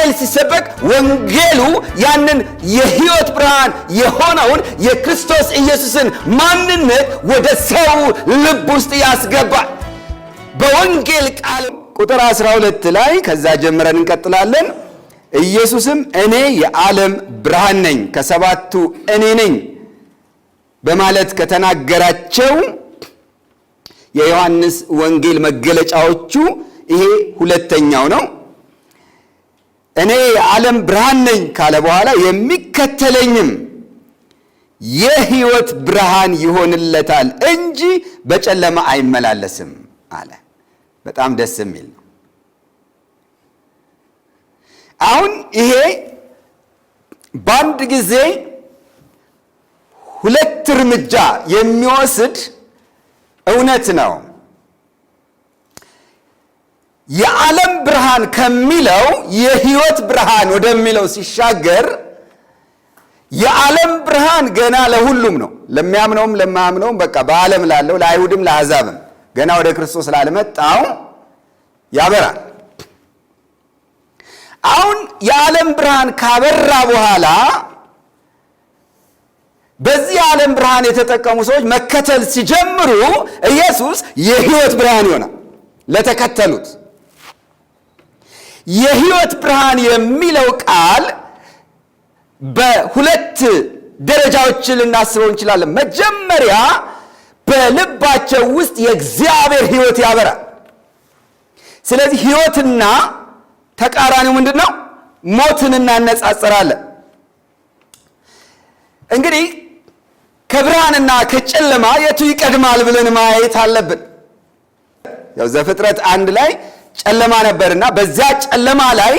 ወንጌል ሲሰበክ ወንጌሉ ያንን የህይወት ብርሃን የሆነውን የክርስቶስ ኢየሱስን ማንነት ወደ ሰው ልብ ውስጥ ያስገባል። በወንጌል ቃል ቁጥር 12 ላይ ከዛ ጀምረን እንቀጥላለን። ኢየሱስም እኔ የዓለም ብርሃን ነኝ፣ ከሰባቱ እኔ ነኝ በማለት ከተናገራቸው የዮሐንስ ወንጌል መገለጫዎቹ ይሄ ሁለተኛው ነው። እኔ የዓለም ብርሃን ነኝ ካለ በኋላ የሚከተለኝም የህይወት ብርሃን ይሆንለታል እንጂ በጨለማ አይመላለስም አለ። በጣም ደስ የሚል ነው። አሁን ይሄ በአንድ ጊዜ ሁለት እርምጃ የሚወስድ እውነት ነው። የዓለም ብርሃን ከሚለው የህይወት ብርሃን ወደሚለው ሲሻገር የዓለም ብርሃን ገና ለሁሉም ነው፣ ለሚያምነውም ለማያምነውም፣ በቃ በዓለም ላለው ለአይሁድም ለአሕዛብም ገና ወደ ክርስቶስ ላለመጣው ያበራል። አሁን የዓለም ብርሃን ካበራ በኋላ በዚህ የዓለም ብርሃን የተጠቀሙ ሰዎች መከተል ሲጀምሩ ኢየሱስ የህይወት ብርሃን ይሆናል ለተከተሉት የህይወት ብርሃን የሚለው ቃል በሁለት ደረጃዎች ልናስበው እንችላለን። መጀመሪያ በልባቸው ውስጥ የእግዚአብሔር ህይወት ያበራል። ስለዚህ ህይወትና ተቃራኒው ምንድን ነው? ሞትን እናነጻጽራለን። እንግዲህ ከብርሃንና ከጨለማ የቱ ይቀድማል ብለን ማየት አለብን። ያው ዘፍጥረት አንድ ላይ ጨለማ ነበርና በዚያ ጨለማ ላይ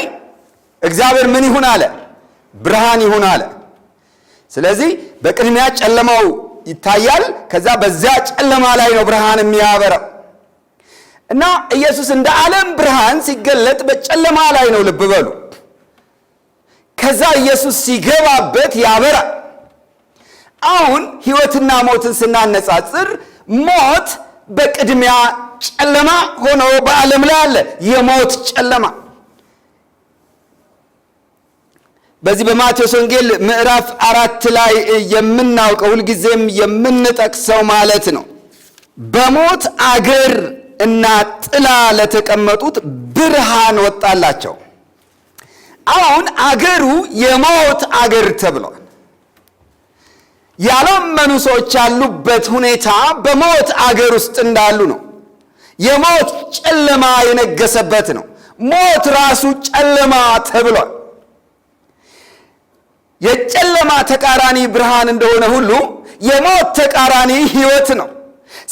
እግዚአብሔር ምን ይሁን አለ? ብርሃን ይሁን አለ። ስለዚህ በቅድሚያ ጨለማው ይታያል። ከዛ በዚያ ጨለማ ላይ ነው ብርሃን የሚያበራው እና ኢየሱስ እንደ ዓለም ብርሃን ሲገለጥ በጨለማ ላይ ነው። ልብ በሉ። ከዛ ኢየሱስ ሲገባበት ያበራል። አሁን ሕይወትና ሞትን ስናነጻጽር ሞት በቅድሚያ ጨለማ ሆኖ በዓለም ላይ አለ፣ የሞት ጨለማ። በዚህ በማቴዎስ ወንጌል ምዕራፍ አራት ላይ የምናውቀው ሁልጊዜም የምንጠቅሰው ማለት ነው በሞት አገር እና ጥላ ለተቀመጡት ብርሃን ወጣላቸው። አሁን አገሩ የሞት አገር ተብሏል። ያላመኑ ሰዎች ያሉበት ሁኔታ በሞት አገር ውስጥ እንዳሉ ነው። የሞት ጨለማ የነገሰበት ነው። ሞት ራሱ ጨለማ ተብሏል። የጨለማ ተቃራኒ ብርሃን እንደሆነ ሁሉ የሞት ተቃራኒ ህይወት ነው።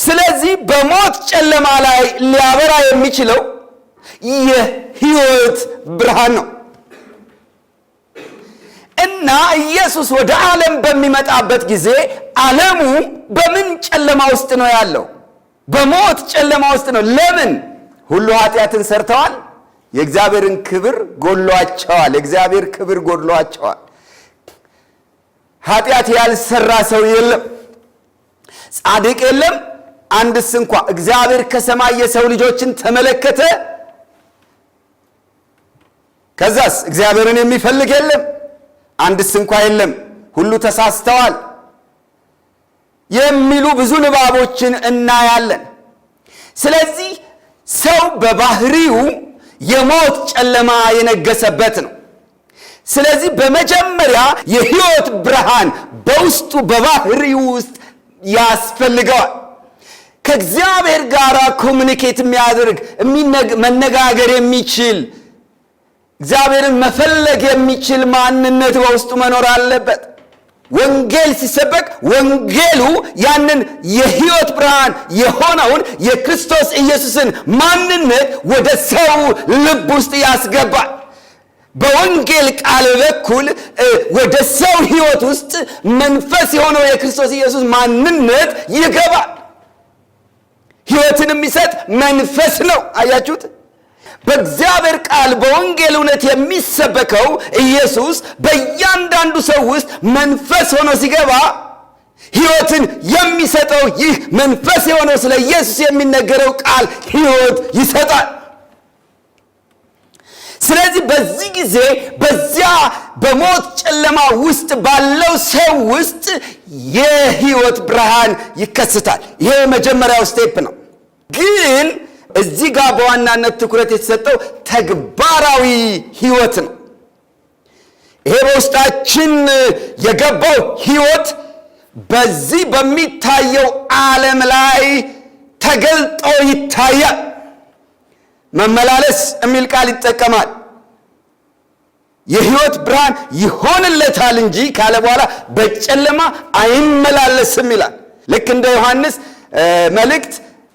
ስለዚህ በሞት ጨለማ ላይ ሊያበራ የሚችለው የህይወት ብርሃን ነው። እና ኢየሱስ ወደ ዓለም በሚመጣበት ጊዜ ዓለሙ በምን ጨለማ ውስጥ ነው ያለው? በሞት ጨለማ ውስጥ ነው። ለምን? ሁሉ ኃጢአትን ሰርተዋል፣ የእግዚአብሔርን ክብር ጎድሏቸዋል። የእግዚአብሔር ክብር ጎድሏቸዋል። ኃጢአት ያልሰራ ሰው የለም፣ ጻድቅ የለም አንድስ እንኳ። እግዚአብሔር ከሰማይ የሰው ልጆችን ተመለከተ። ከዛስ እግዚአብሔርን የሚፈልግ የለም። አንድስ እንኳ የለም፣ ሁሉ ተሳስተዋል የሚሉ ብዙ ንባቦችን እናያለን። ስለዚህ ሰው በባህሪው የሞት ጨለማ የነገሰበት ነው። ስለዚህ በመጀመሪያ የህይወት ብርሃን በውስጡ በባህሪው ውስጥ ያስፈልገዋል። ከእግዚአብሔር ጋር ኮሚኒኬት የሚያደርግ መነጋገር የሚችል እግዚአብሔርን መፈለግ የሚችል ማንነት በውስጡ መኖር አለበት። ወንጌል ሲሰበክ ወንጌሉ ያንን የህይወት ብርሃን የሆነውን የክርስቶስ ኢየሱስን ማንነት ወደ ሰው ልብ ውስጥ ያስገባል። በወንጌል ቃል በኩል ወደ ሰው ህይወት ውስጥ መንፈስ የሆነው የክርስቶስ ኢየሱስ ማንነት ይገባል። ህይወትን የሚሰጥ መንፈስ ነው። አያችሁት? በእግዚአብሔር ቃል በወንጌል እውነት የሚሰበከው ኢየሱስ በእያንዳንዱ ሰው ውስጥ መንፈስ ሆኖ ሲገባ ሕይወትን የሚሰጠው ይህ መንፈስ የሆነው ስለ ኢየሱስ የሚነገረው ቃል ሕይወት ይሰጣል። ስለዚህ በዚህ ጊዜ በዚያ በሞት ጨለማ ውስጥ ባለው ሰው ውስጥ የሕይወት ብርሃን ይከሰታል። ይሄ የመጀመሪያው ስቴፕ ነው ግን እዚህ ጋር በዋናነት ትኩረት የተሰጠው ተግባራዊ ህይወት ነው። ይሄ በውስጣችን የገባው ህይወት በዚህ በሚታየው ዓለም ላይ ተገልጦ ይታያል። መመላለስ የሚል ቃል ይጠቀማል። የህይወት ብርሃን ይሆንለታል እንጂ ካለ በኋላ በጨለማ አይመላለስም ይላል። ልክ እንደ ዮሐንስ መልእክት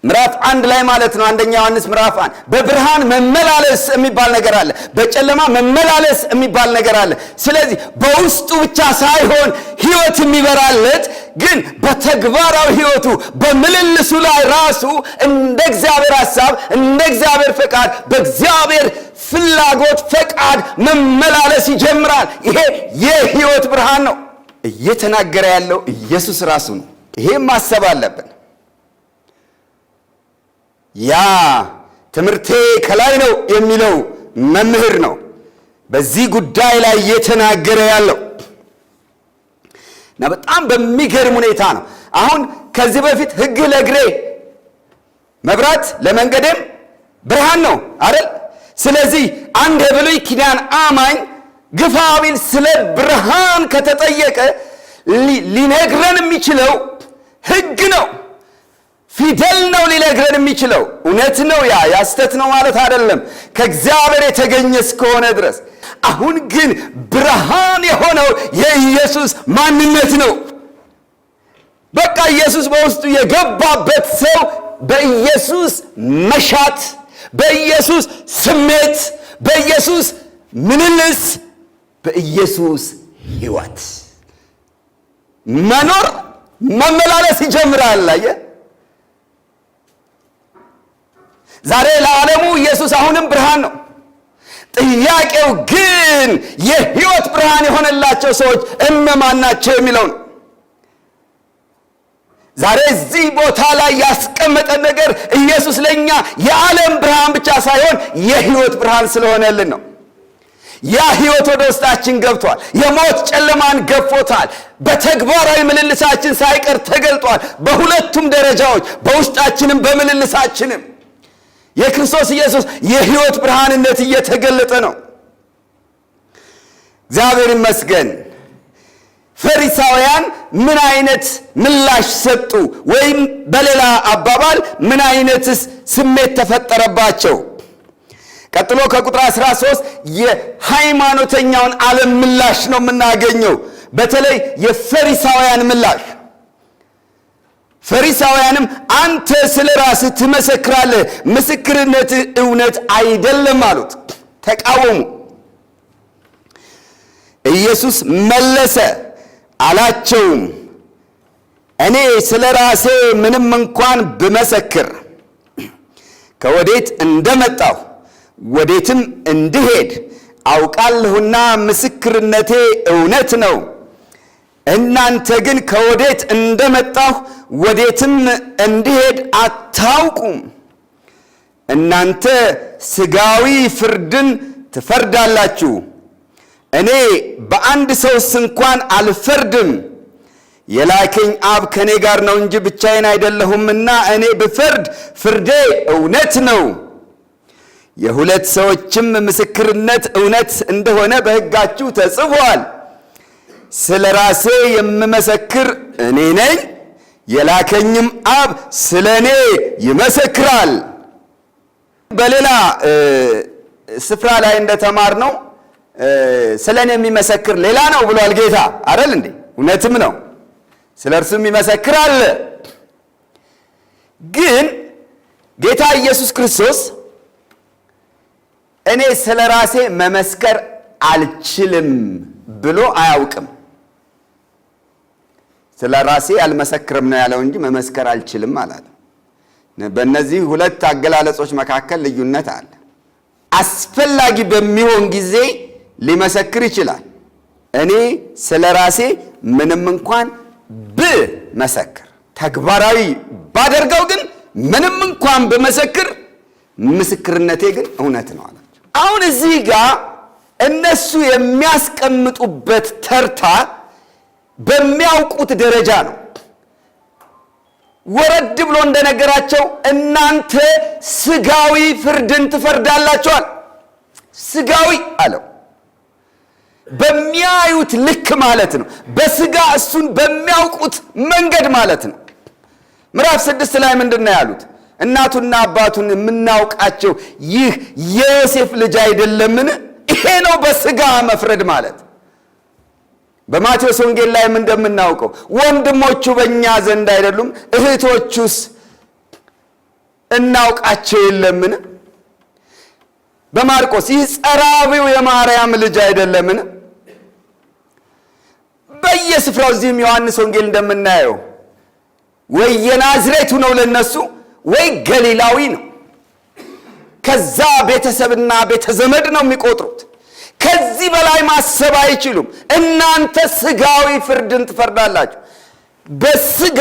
ምዕራፍ አንድ ላይ ማለት ነው። አንደኛ ዮሐንስ ምዕራፍ አንድ በብርሃን መመላለስ የሚባል ነገር አለ፣ በጨለማ መመላለስ የሚባል ነገር አለ። ስለዚህ በውስጡ ብቻ ሳይሆን ህይወት የሚበራለት ግን በተግባራዊ ህይወቱ በምልልሱ ላይ ራሱ እንደ እግዚአብሔር ሀሳብ እንደ እግዚአብሔር ፈቃድ በእግዚአብሔር ፍላጎት ፈቃድ መመላለስ ይጀምራል። ይሄ የህይወት ብርሃን ነው። እየተናገረ ያለው ኢየሱስ ራሱ ነው። ይሄም ማሰብ አለብን። ያ ትምህርቴ ከላይ ነው የሚለው መምህር ነው በዚህ ጉዳይ ላይ እየተናገረ ያለው እና በጣም በሚገርም ሁኔታ ነው። አሁን ከዚህ በፊት ህግ ለግሬ መብራት ለመንገዴም ብርሃን ነው አይደል? ስለዚህ አንድ የብሉይ ኪዳን አማኝ ግፋ ስለ ብርሃን ከተጠየቀ ሊነግረን የሚችለው ህግ ነው። ፊደል ነው ሊነግረን የሚችለው እውነት ነው። ያ ያስተት ነው ማለት አይደለም፣ ከእግዚአብሔር የተገኘ እስከሆነ ድረስ። አሁን ግን ብርሃን የሆነው የኢየሱስ ማንነት ነው። በቃ ኢየሱስ በውስጡ የገባበት ሰው በኢየሱስ መሻት፣ በኢየሱስ ስሜት፣ በኢየሱስ ምንልስ በኢየሱስ ህይወት መኖር መመላለስ ይጀምራል። አየህ ዛሬ ለዓለሙ ኢየሱስ አሁንም ብርሃን ነው። ጥያቄው ግን የህይወት ብርሃን የሆነላቸው ሰዎች እነማን ናቸው የሚለው ነው። ዛሬ እዚህ ቦታ ላይ ያስቀመጠ ነገር ኢየሱስ ለእኛ የዓለም ብርሃን ብቻ ሳይሆን የህይወት ብርሃን ስለሆነልን ነው። ያ ህይወት ወደ ውስጣችን ገብቷል። የሞት ጨለማን ገፎታል። በተግባራዊ ምልልሳችን ሳይቀር ተገልጧል። በሁለቱም ደረጃዎች፣ በውስጣችንም በምልልሳችንም የክርስቶስ ኢየሱስ የህይወት ብርሃንነት እየተገለጠ ነው። እግዚአብሔር ይመስገን። ፈሪሳውያን ምን አይነት ምላሽ ሰጡ? ወይም በሌላ አባባል ምን አይነትስ ስሜት ተፈጠረባቸው? ቀጥሎ ከቁጥር 13 የሃይማኖተኛውን ዓለም ምላሽ ነው የምናገኘው። በተለይ የፈሪሳውያን ምላሽ ፈሪሳውያንም አንተ ስለ ራስ ትመሰክራለህ፣ ምስክርነት እውነት አይደለም አሉት። ተቃወሙ። ኢየሱስ መለሰ አላቸውም፣ እኔ ስለ ራሴ ምንም እንኳን ብመሰክር ከወዴት እንደመጣሁ ወዴትም እንድሄድ አውቃለሁና ምስክርነቴ እውነት ነው። እናንተ ግን ከወዴት እንደመጣሁ ወዴትም እንዲሄድ አታውቁም። እናንተ ስጋዊ ፍርድን ትፈርዳላችሁ። እኔ በአንድ ሰውስ እንኳን አልፈርድም። የላከኝ አብ ከእኔ ጋር ነው እንጂ ብቻዬን አይደለሁምና እኔ ብፈርድ ፍርዴ እውነት ነው። የሁለት ሰዎችም ምስክርነት እውነት እንደሆነ በሕጋችሁ ተጽፏል። ስለ ራሴ የምመሰክር እኔ ነኝ፣ የላከኝም አብ ስለ እኔ ይመሰክራል። በሌላ ስፍራ ላይ እንደተማር ነው ስለ እኔ የሚመሰክር ሌላ ነው ብሏል ጌታ አይደል እንዴ? እውነትም ነው። ስለ እርሱም ይመሰክራል። ግን ጌታ ኢየሱስ ክርስቶስ እኔ ስለ ራሴ መመስከር አልችልም ብሎ አያውቅም። ስለ ራሴ አልመሰክርም ነው ያለው እንጂ መመስከር አልችልም አላለም። በእነዚህ ሁለት አገላለጾች መካከል ልዩነት አለ። አስፈላጊ በሚሆን ጊዜ ሊመሰክር ይችላል። እኔ ስለ ራሴ ምንም እንኳን ብመሰክር ተግባራዊ ባደርገው ግን ምንም እንኳን ብመሰክር ምስክርነቴ ግን እውነት ነው አላቸው። አሁን እዚህ ጋር እነሱ የሚያስቀምጡበት ተርታ በሚያውቁት ደረጃ ነው። ወረድ ብሎ እንደነገራቸው እናንተ ስጋዊ ፍርድን ትፈርዳላቸዋል? ስጋዊ አለው በሚያዩት ልክ ማለት ነው። በስጋ እሱን በሚያውቁት መንገድ ማለት ነው። ምዕራፍ ስድስት ላይ ምንድን ነው ያሉት? እናቱና አባቱን የምናውቃቸው ይህ የዮሴፍ ልጅ አይደለምን? ይሄ ነው በስጋ መፍረድ ማለት በማቴዎስ ወንጌል ላይም እንደምናውቀው ወንድሞቹ በእኛ ዘንድ አይደሉም፣ እህቶቹስ እናውቃቸው የለምን? በማርቆስ ይህ ጸራቢው የማርያም ልጅ አይደለምን? በየስፍራው እዚህም ዮሐንስ ወንጌል እንደምናየው ወይ የናዝሬቱ ነው ለነሱ፣ ወይ ገሊላዊ ነው። ከዛ ቤተሰብና ቤተዘመድ ነው የሚቆጥሩ ከዚህ በላይ ማሰብ አይችሉም። እናንተ ስጋዊ ፍርድን ትፈርዳላችሁ። በስጋ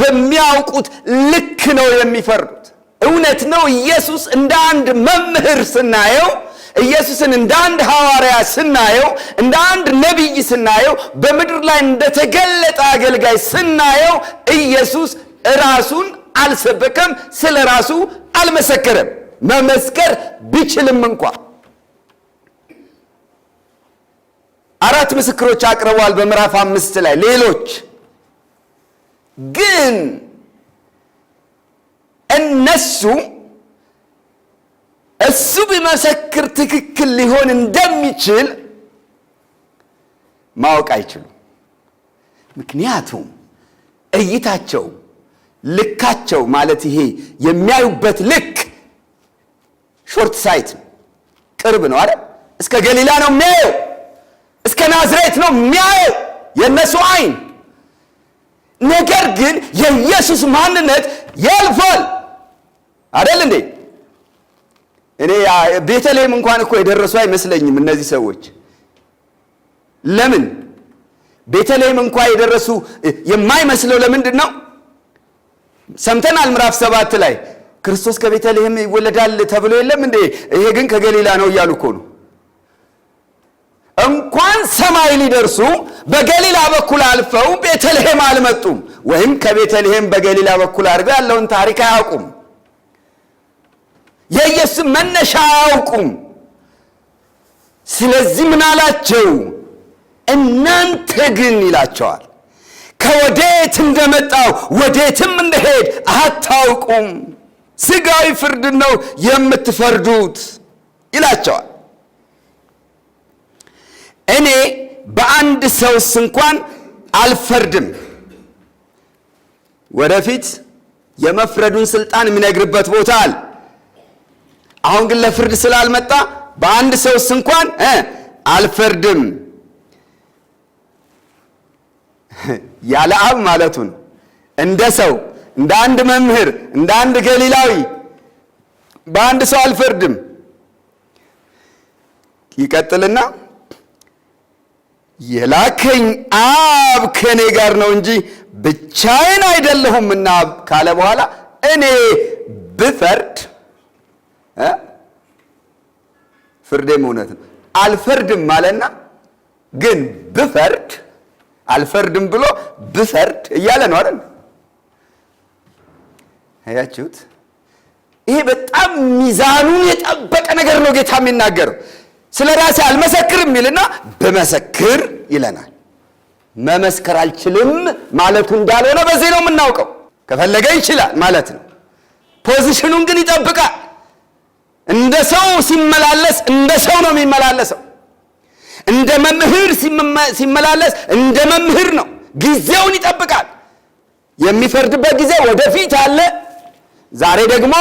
በሚያውቁት ልክ ነው የሚፈርዱት። እውነት ነው። ኢየሱስ እንደ አንድ መምህር ስናየው ኢየሱስን እንደ አንድ ሐዋርያ ስናየው፣ እንደ አንድ ነቢይ ስናየው፣ በምድር ላይ እንደተገለጠ አገልጋይ ስናየው ኢየሱስ ራሱን አልሰበከም፣ ስለ ራሱ አልመሰከረም። መመስከር ቢችልም እንኳ አራት ምስክሮች አቅርበዋል በምዕራፍ አምስት ላይ ሌሎች ግን እነሱ እሱ ቢመሰክር ትክክል ሊሆን እንደሚችል ማወቅ አይችሉም። ምክንያቱም እይታቸው፣ ልካቸው ማለት ይሄ የሚያዩበት ልክ ሾርት ሳይት ቅርብ ነው አይደል? እስከ ገሊላ ነው የሚያየው እስከ ናዝሬት ነው የሚያየው የእነሱ አይን። ነገር ግን የኢየሱስ ማንነት ያልፋል። አደል እንዴ? እኔ ቤተልሔም እንኳን እኮ የደረሱ አይመስለኝም እነዚህ ሰዎች። ለምን ቤተልሔም እንኳ የደረሱ የማይመስለው ለምንድን ነው? ሰምተናል። ምዕራፍ ሰባት ላይ ክርስቶስ ከቤተልሔም ይወለዳል ተብሎ የለም እንዴ? ይሄ ግን ከገሊላ ነው እያሉ እኮ ነው እንኳን ሰማይ ሊደርሱ በገሊላ በኩል አልፈው ቤተልሔም አልመጡም፣ ወይም ከቤተልሔም በገሊላ በኩል አድርገው ያለውን ታሪክ አያውቁም። የኢየሱስ መነሻ አያውቁም። ስለዚህ ምናላቸው እናንተ ግን ይላቸዋል፣ ከወዴት እንደመጣው ወዴትም እንደሄድ አታውቁም። ስጋዊ ፍርድ ነው የምትፈርዱት ይላቸዋል። እኔ በአንድ ሰውስ እንኳን አልፈርድም። ወደፊት የመፍረዱን ስልጣን የሚነግርበት ቦታ አለ። አሁን ግን ለፍርድ ስላልመጣ በአንድ ሰውስ እንኳን አልፈርድም ያለ አብ ማለቱን እንደ ሰው እንደ አንድ መምህር እንደ አንድ ገሊላዊ በአንድ ሰው አልፈርድም ይቀጥልና የላከኝ አብ ከእኔ ጋር ነው እንጂ ብቻዬን አይደለሁምና ካለ በኋላ እኔ ብፈርድ ፍርዴም እውነት ነው። አልፈርድም አለና ግን ብፈርድ አልፈርድም ብሎ ብፈርድ እያለ ነው አይደል? አያችሁት? ይሄ በጣም ሚዛኑን የጠበቀ ነገር ነው ጌታ የሚናገረው። ስለ ራሴ አልመሰክርም ይልና ብመሰክር ይለናል። መመስከር አልችልም ማለቱ እንዳልሆነ በዚህ ነው የምናውቀው። ከፈለገ ይችላል ማለት ነው። ፖዚሽኑን ግን ይጠብቃል። እንደ ሰው ሲመላለስ እንደ ሰው ነው የሚመላለሰው። እንደ መምህር ሲመላለስ እንደ መምህር ነው። ጊዜውን ይጠብቃል። የሚፈርድበት ጊዜ ወደፊት አለ። ዛሬ ደግሞ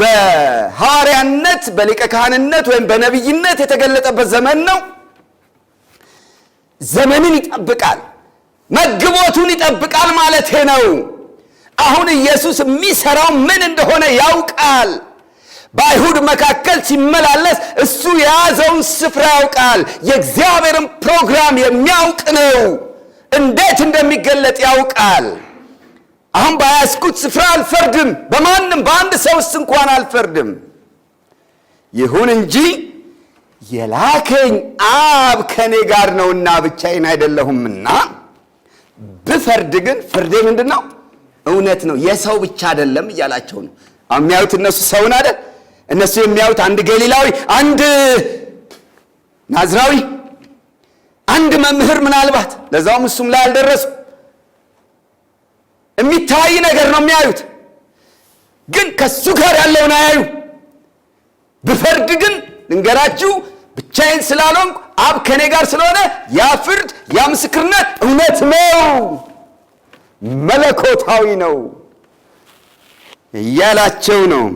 በሐዋርያነት በሊቀ ካህንነት ወይም በነቢይነት የተገለጠበት ዘመን ነው። ዘመንን ይጠብቃል፣ መግቦቱን ይጠብቃል ማለት ነው። አሁን ኢየሱስ የሚሰራው ምን እንደሆነ ያውቃል። በአይሁድ መካከል ሲመላለስ እሱ የያዘውን ስፍራ ያውቃል። የእግዚአብሔርን ፕሮግራም የሚያውቅ ነው። እንዴት እንደሚገለጥ ያውቃል። አሁን በያዝኩት ስፍራ አልፈርድም፣ በማንም በአንድ ሰው ውስጥ እንኳን አልፈርድም። ይሁን እንጂ የላከኝ አብ ከእኔ ጋር ነውና ብቻዬን አይደለሁምና ብፈርድ ግን ፍርዴ ምንድን ነው? እውነት ነው፣ የሰው ብቻ አይደለም እያላቸው ነው። የሚያዩት እነሱ ሰውን አይደል? እነሱ የሚያዩት አንድ ገሊላዊ፣ አንድ ናዝራዊ፣ አንድ መምህር ምናልባት ለዛውም እሱም ላይ አልደረሱ የሚታይ ነገር ነው የሚያዩት፣ ግን ከሱ ጋር ያለውን አያዩ። ብፈርድ ግን ልንገራችሁ ብቻዬን ስላልሆንኩ አብ ከእኔ ጋር ስለሆነ ያ ፍርድ ያ ምስክርነት እውነት ነው፣ መለኮታዊ ነው እያላቸው ነው።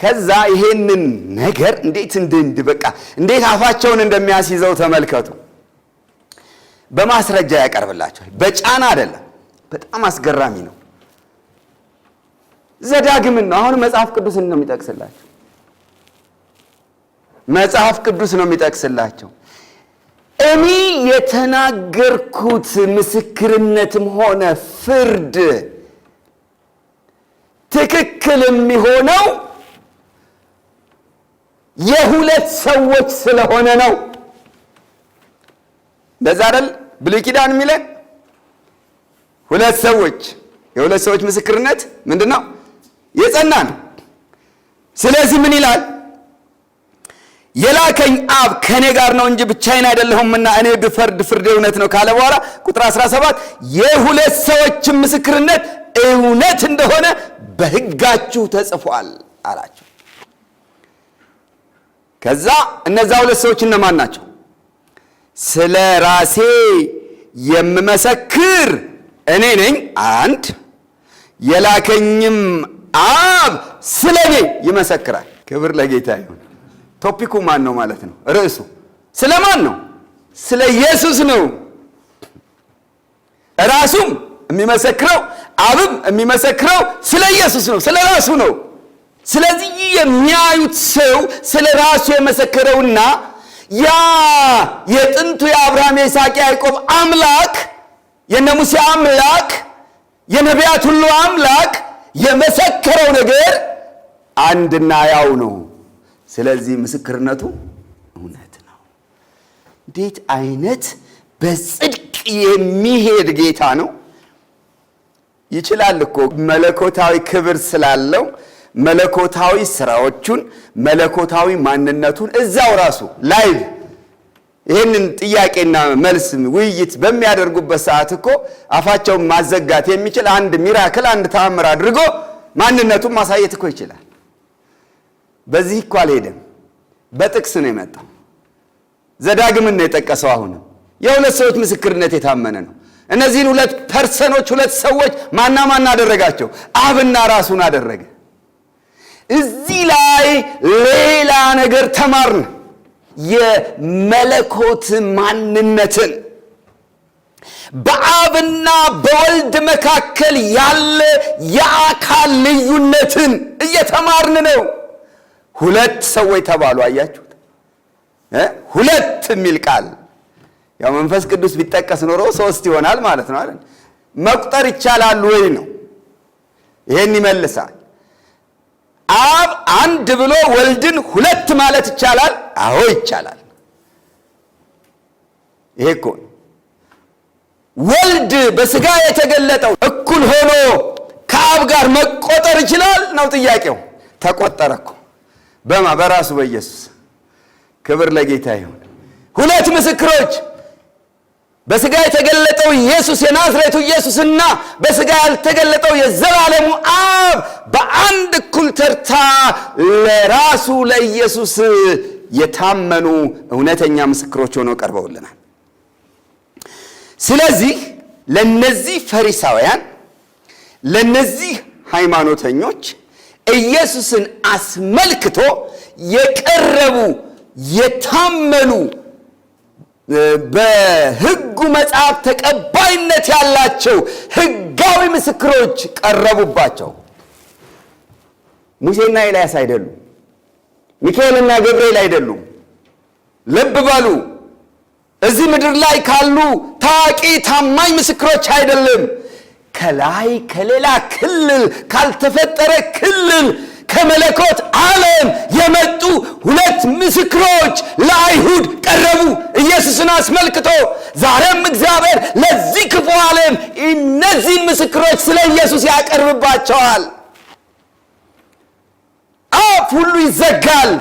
ከዛ ይሄንን ነገር እንዴት እንድንድ በቃ እንዴት አፋቸውን እንደሚያስይዘው ተመልከቱ። በማስረጃ ያቀርብላቸዋል። በጫና አይደለም በጣም አስገራሚ ነው። ዘዳግምን ነው። አሁን መጽሐፍ ቅዱስን ነው የሚጠቅስላቸው። መጽሐፍ ቅዱስ ነው የሚጠቅስላቸው። እኔ የተናገርኩት ምስክርነትም ሆነ ፍርድ ትክክል የሚሆነው የሁለት ሰዎች ስለሆነ ነው። በዛ አይደል ብሉይ ኪዳን የሚለን ሁለት ሰዎች የሁለት ሰዎች ምስክርነት ምንድን ነው? የጸና ነው። ስለዚህ ምን ይላል? የላከኝ አብ ከእኔ ጋር ነው እንጂ ብቻዬን አይደለሁምና እኔ ብፈርድ ፍርድ እውነት ነው ካለ በኋላ ቁጥር 17 የሁለት ሰዎችን ምስክርነት እውነት እንደሆነ በሕጋችሁ ተጽፏል አላቸው። ከዛ እነዛ ሁለት ሰዎች እነማን ናቸው? ስለ ራሴ የምመሰክር እኔ ነኝ አንድ የላከኝም አብ ስለ እኔ ይመሰክራል። ክብር ለጌታ ይሁን። ቶፒኩ ማን ነው ማለት ነው? ርዕሱ ስለ ማን ነው? ስለ ኢየሱስ ነው። ራሱም የሚመሰክረው አብም የሚመሰክረው ስለ ኢየሱስ ነው፣ ስለ ራሱ ነው። ስለዚህ የሚያዩት ሰው ስለ ራሱ የመሰከረውና ያ የጥንቱ የአብርሃም የይስሐቅ ያዕቆብ አምላክ የነ ሙሴ አምላክ የነቢያት ሁሉ አምላክ የመሰከረው ነገር አንድና ያው ነው። ስለዚህ ምስክርነቱ እውነት ነው። እንዴት አይነት በጽድቅ የሚሄድ ጌታ ነው! ይችላል እኮ መለኮታዊ ክብር ስላለው መለኮታዊ ስራዎቹን፣ መለኮታዊ ማንነቱን እዛው ራሱ ላይቭ ይህንን ጥያቄና መልስ ውይይት በሚያደርጉበት ሰዓት እኮ አፋቸውን ማዘጋት የሚችል አንድ ሚራክል አንድ ተአምር አድርጎ ማንነቱን ማሳየት እኮ ይችላል። በዚህ እኮ አልሄደም። በጥቅስ ነው የመጣው። ዘዳግምን ነው የጠቀሰው። አሁንም የሁለት ሰዎች ምስክርነት የታመነ ነው። እነዚህን ሁለት ፐርሰኖች ሁለት ሰዎች ማና ማና አደረጋቸው? አብና ራሱን አደረገ። እዚህ ላይ ሌላ ነገር ተማርን። የመለኮት ማንነትን በአብና በወልድ መካከል ያለ የአካል ልዩነትን እየተማርን ነው። ሁለት ሰዎች ተባሉ። አያችሁት? ሁለት የሚል ቃል ያው መንፈስ ቅዱስ ቢጠቀስ ኖሮ ሶስት ይሆናል ማለት ነው አይደል? መቁጠር ይቻላል ወይ ነው። ይሄን ይመልሳል። አብ አንድ ብሎ ወልድን ሁለት ማለት ይቻላል? አዎ ይቻላል። ይሄ እኮ ወልድ በስጋ የተገለጠው እኩል ሆኖ ከአብ ጋር መቆጠር ይችላል ነው ጥያቄው። ተቆጠረ እኮ በማ በራሱ በኢየሱስ ክብር ለጌታ ይሁን። ሁለት ምስክሮች በስጋ የተገለጠው ኢየሱስ የናዝሬቱ ኢየሱስና በስጋ ያልተገለጠው የዘላለሙ አብ በአንድ እኩል ተርታ ለራሱ ለኢየሱስ የታመኑ እውነተኛ ምስክሮች ሆነው ቀርበውልናል። ስለዚህ ለነዚህ ፈሪሳውያን፣ ለነዚህ ሃይማኖተኞች ኢየሱስን አስመልክቶ የቀረቡ የታመኑ በህጉ መጽሐፍ ተቀባይነት ያላቸው ህጋዊ ምስክሮች ቀረቡባቸው። ሙሴና ኤልያስ አይደሉም። ሚካኤልና ገብርኤል አይደሉም። ልብ በሉ። እዚህ ምድር ላይ ካሉ ታዋቂ ታማኝ ምስክሮች አይደለም። ከላይ ከሌላ ክልል ካልተፈጠረ ክልል ከመለኮት ዓለም የመጡ ሁለት ምስክሮች ለአይሁድ ቀረቡ ኢየሱስን አስመልክቶ። ዛሬም እግዚአብሔር ለዚህ ክፉ ዓለም እነዚህን ምስክሮች ስለ ኢየሱስ ያቀርብባቸዋል። አፍ ሁሉ ይዘጋል፣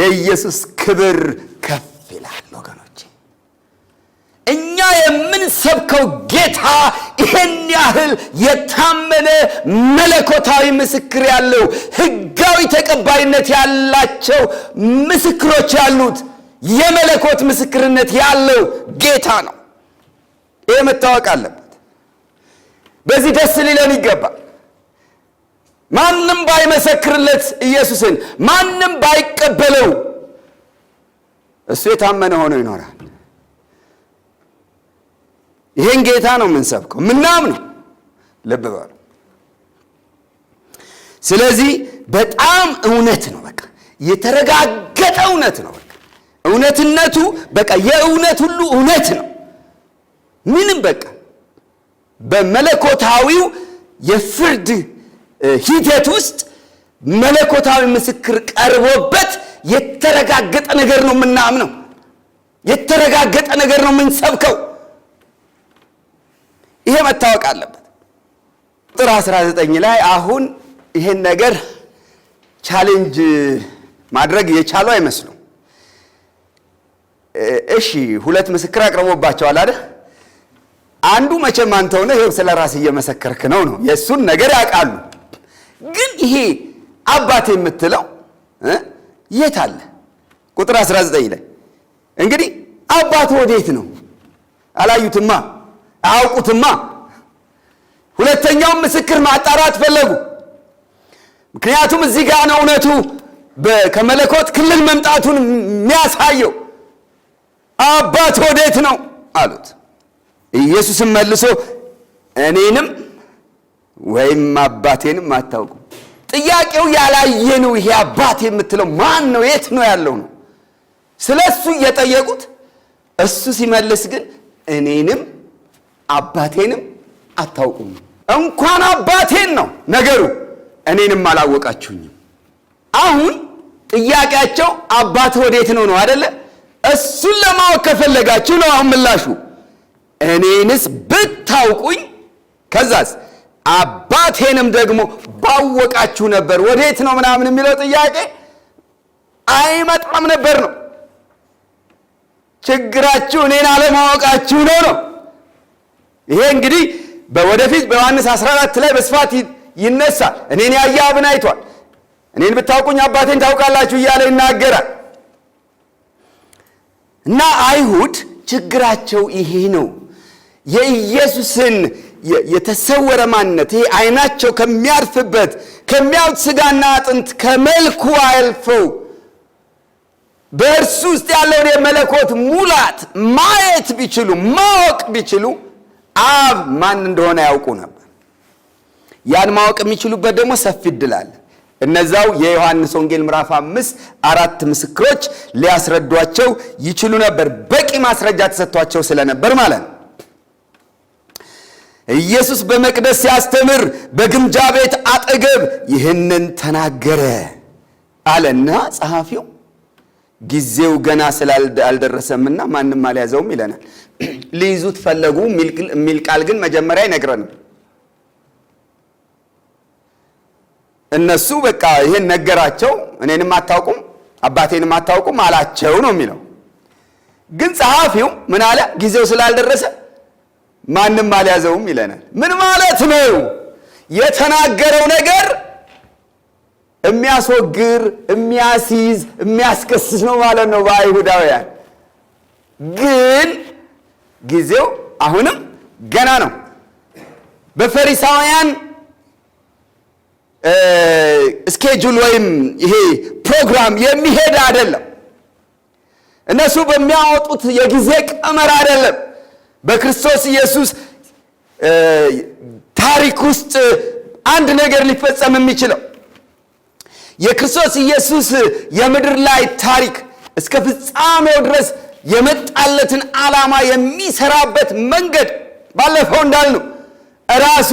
የኢየሱስ ክብር ከፍ ይላል ወገኖ እኛ የምንሰብከው ጌታ ይህን ያህል የታመነ መለኮታዊ ምስክር ያለው ህጋዊ ተቀባይነት ያላቸው ምስክሮች ያሉት የመለኮት ምስክርነት ያለው ጌታ ነው። ይሄ መታወቅ አለበት። በዚህ ደስ ሊለን ይገባል። ማንም ባይመሰክርለት ኢየሱስን፣ ማንም ባይቀበለው እሱ የታመነ ሆኖ ይኖራል። ይሄን ጌታ ነው የምንሰብከው ምናምነው። ልብ በሉ። ስለዚህ በጣም እውነት ነው። በቃ የተረጋገጠ እውነት ነው። በቃ እውነትነቱ በቃ የእውነት ሁሉ እውነት ነው። ምንም በቃ በመለኮታዊው የፍርድ ሂደት ውስጥ መለኮታዊ ምስክር ቀርቦበት የተረጋገጠ ነገር ነው የምናምነው። የተረጋገጠ ነገር ነው የምንሰብከው። ይሄ መታወቅ አለበት። ቁጥር 19 ላይ አሁን ይሄን ነገር ቻሌንጅ ማድረግ የቻሉ አይመስሉም። እሺ ሁለት ምስክር አቅርቦባቸዋል አለ። አንዱ መቼም አንተ ሆነህ ይኸው ስለ ራስ እየመሰከርክ ነው ነው የእሱን ነገር ያውቃሉ። ግን ይሄ አባት የምትለው የት አለ? ቁጥር 19 ላይ እንግዲህ አባት ወዴት ነው? አላዩትማ አያውቁትማ። ሁለተኛውም ምስክር ማጣራት ፈለጉ። ምክንያቱም እዚህ ጋር ነው እውነቱ ከመለኮት ክልል መምጣቱን የሚያሳየው። አባት ወዴት ነው አሉት። ኢየሱስም መልሶ እኔንም ወይም አባቴንም አታውቁም። ጥያቄው ያላየ ነው። ይሄ አባት የምትለው ማን ነው? የት ነው ያለው ነው ስለ እሱ እየጠየቁት። እሱ ሲመልስ ግን እኔንም አባቴንም አታውቁም። እንኳን አባቴን ነው ነገሩ፣ እኔንም አላወቃችሁኝም። አሁን ጥያቄያቸው አባት ወዴት ነው ነው አደለ? እሱን ለማወቅ ከፈለጋችሁ ነው አሁን ምላሹ። እኔንስ ብታውቁኝ ከዛስ አባቴንም ደግሞ ባወቃችሁ ነበር። ወዴት ነው ምናምን የሚለው ጥያቄ አይመጣም ነበር ነው። ችግራችሁ እኔን አለማወቃችሁ ነው ነው ይሄ እንግዲህ በወደፊት በዮሐንስ 14 ላይ በስፋት ይነሳል። እኔን ያየ አብን አይቷል፣ እኔን ብታውቁኝ አባቴን ታውቃላችሁ እያለ ይናገራል። እና አይሁድ ችግራቸው ይሄ ነው። የኢየሱስን የተሰወረ ማንነት ይሄ አይናቸው ከሚያርፍበት ከሚያውት ስጋና አጥንት ከመልኩ አልፈው በእርሱ ውስጥ ያለውን የመለኮት ሙላት ማየት ቢችሉ ማወቅ ቢችሉ አብ ማን እንደሆነ ያውቁ ነበር። ያን ማወቅ የሚችሉበት ደግሞ ሰፊ እድል አለ። እነዛው የዮሐንስ ወንጌል ምዕራፍ አምስት አራት ምስክሮች ሊያስረዷቸው ይችሉ ነበር። በቂ ማስረጃ ተሰጥቷቸው ስለነበር ማለት ነው። ኢየሱስ በመቅደስ ሲያስተምር በግምጃ ቤት አጠገብ ይህንን ተናገረ አለና ጸሐፊው ጊዜው ገና ስላልደረሰምና ማንም አልያዘውም ይለናል። ሊይዙት ፈለጉ የሚል ቃል ግን መጀመሪያ አይነግረንም። እነሱ በቃ ይሄን ነገራቸው። እኔንም አታውቁም አባቴንም አታውቁም አላቸው ነው የሚለው። ግን ጸሐፊው ምን አለ? ጊዜው ስላልደረሰ ማንም አልያዘውም ይለናል። ምን ማለት ነው? የተናገረው ነገር የሚያስወግር፣ የሚያስይዝ፣ የሚያስከስስ ነው ማለት ነው በአይሁዳውያን ግን ጊዜው አሁንም ገና ነው። በፈሪሳውያን ስኬጁል ወይም ይሄ ፕሮግራም የሚሄድ አይደለም። እነሱ በሚያወጡት የጊዜ ቀመር አይደለም። በክርስቶስ ኢየሱስ ታሪክ ውስጥ አንድ ነገር ሊፈጸም የሚችለው የክርስቶስ ኢየሱስ የምድር ላይ ታሪክ እስከ ፍጻሜው ድረስ የመጣለትን ዓላማ የሚሰራበት መንገድ ባለፈው እንዳልነው ራሱ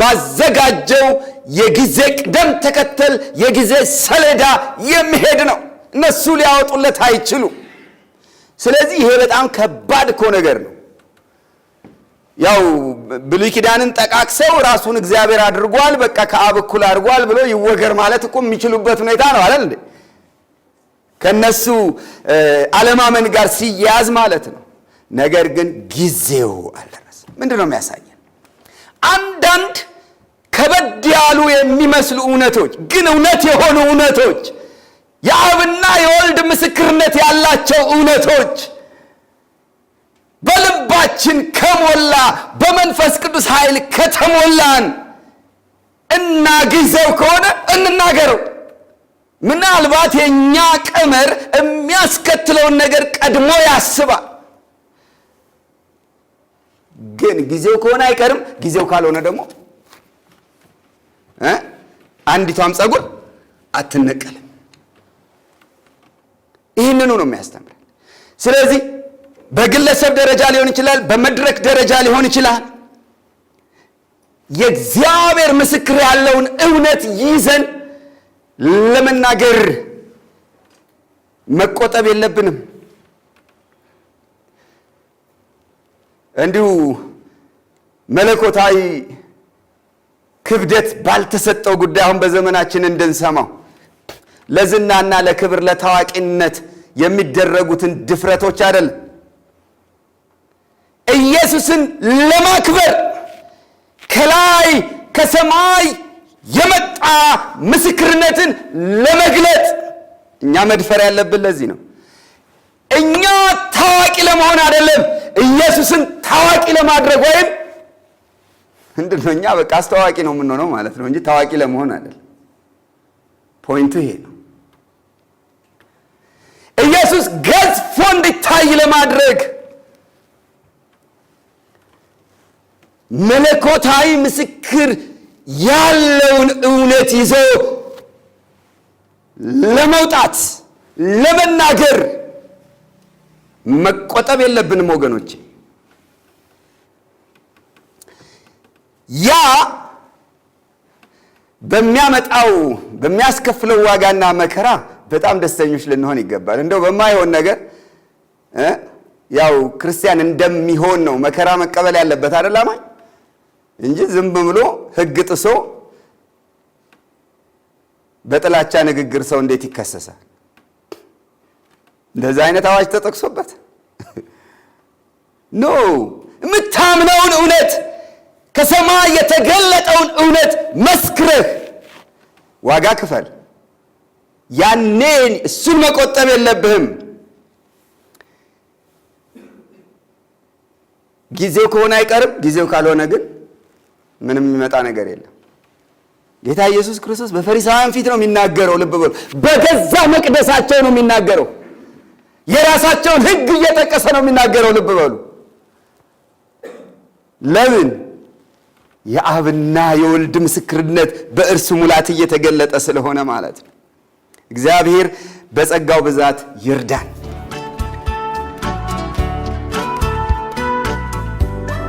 ባዘጋጀው የጊዜ ቅደም ተከተል የጊዜ ሰሌዳ የሚሄድ ነው። እነሱ ሊያወጡለት አይችሉ። ስለዚህ ይሄ በጣም ከባድ እኮ ነገር ነው። ያው ብሉይ ኪዳንን ጠቃቅሰው ራሱን እግዚአብሔር አድርጓል፣ በቃ ከአብ እኩል አድርጓል ብሎ ይወገር ማለት እኮ የሚችሉበት ሁኔታ ነው አለ እንዴ? ከነሱ አለማመን ጋር ሲያያዝ ማለት ነው። ነገር ግን ጊዜው አልደረሰ። ምንድን ነው የሚያሳየን? አንዳንድ ከበድ ያሉ የሚመስሉ እውነቶች ግን እውነት የሆኑ እውነቶች፣ የአብና የወልድ ምስክርነት ያላቸው እውነቶች በልባችን ከሞላ በመንፈስ ቅዱስ ኃይል ከተሞላን እና ጊዜው ከሆነ እንናገረው። ምናልባት የእኛ ቀመር የሚያስከትለውን ነገር ቀድሞ ያስባል። ግን ጊዜው ከሆነ አይቀርም፣ ጊዜው ካልሆነ ደግሞ አንዲቷም ጸጉር አትነቀልም። ይህንኑ ነው የሚያስተምረን። ስለዚህ በግለሰብ ደረጃ ሊሆን ይችላል፣ በመድረክ ደረጃ ሊሆን ይችላል። የእግዚአብሔር ምስክር ያለውን እውነት ይዘን ለመናገር መቆጠብ የለብንም። እንዲሁ መለኮታዊ ክብደት ባልተሰጠው ጉዳይ አሁን በዘመናችን እንድንሰማው ለዝናና ለክብር ለታዋቂነት የሚደረጉትን ድፍረቶች አይደል፣ ኢየሱስን ለማክበር ከላይ ከሰማይ የመጣ ምስክርነትን ለመግለጥ እኛ መድፈር ያለብን ለዚህ ነው። እኛ ታዋቂ ለመሆን አይደለም፣ ኢየሱስን ታዋቂ ለማድረግ ወይም ምንድን ነው እኛ በቃ አስተዋቂ ነው የምንሆነው ማለት ነው እንጂ ታዋቂ ለመሆን አይደለም። ፖይንቱ ይሄ ነው። ኢየሱስ ገዝፎ እንዲታይ ለማድረግ መለኮታዊ ምስክር ያለውን እውነት ይዞ ለመውጣት ለመናገር መቆጠብ የለብንም ወገኖች። ያ በሚያመጣው በሚያስከፍለው ዋጋና መከራ በጣም ደስተኞች ልንሆን ይገባል። እንደው በማይሆን ነገር ያው ክርስቲያን እንደሚሆን ነው መከራ መቀበል ያለበት አደላማኝ እንጂ ዝም ብሎ ህግ ጥሶ በጥላቻ ንግግር ሰው እንዴት ይከሰሳል? እንደዚህ አይነት አዋጅ ተጠቅሶበት ኖ የምታምነውን እውነት ከሰማይ የተገለጠውን እውነት መስክረህ ዋጋ ክፈል። ያኔን እሱን መቆጠብ የለብህም። ጊዜው ከሆነ አይቀርም። ጊዜው ካልሆነ ግን ምንም የሚመጣ ነገር የለም። ጌታ ኢየሱስ ክርስቶስ በፈሪሳውያን ፊት ነው የሚናገረው። ልብ በሉ። በገዛ መቅደሳቸው ነው የሚናገረው። የራሳቸውን ሕግ እየጠቀሰ ነው የሚናገረው። ልብ በሉ። ለምን? የአብና የወልድ ምስክርነት በእርሱ ሙላት እየተገለጠ ስለሆነ ማለት ነው። እግዚአብሔር በጸጋው ብዛት ይርዳን።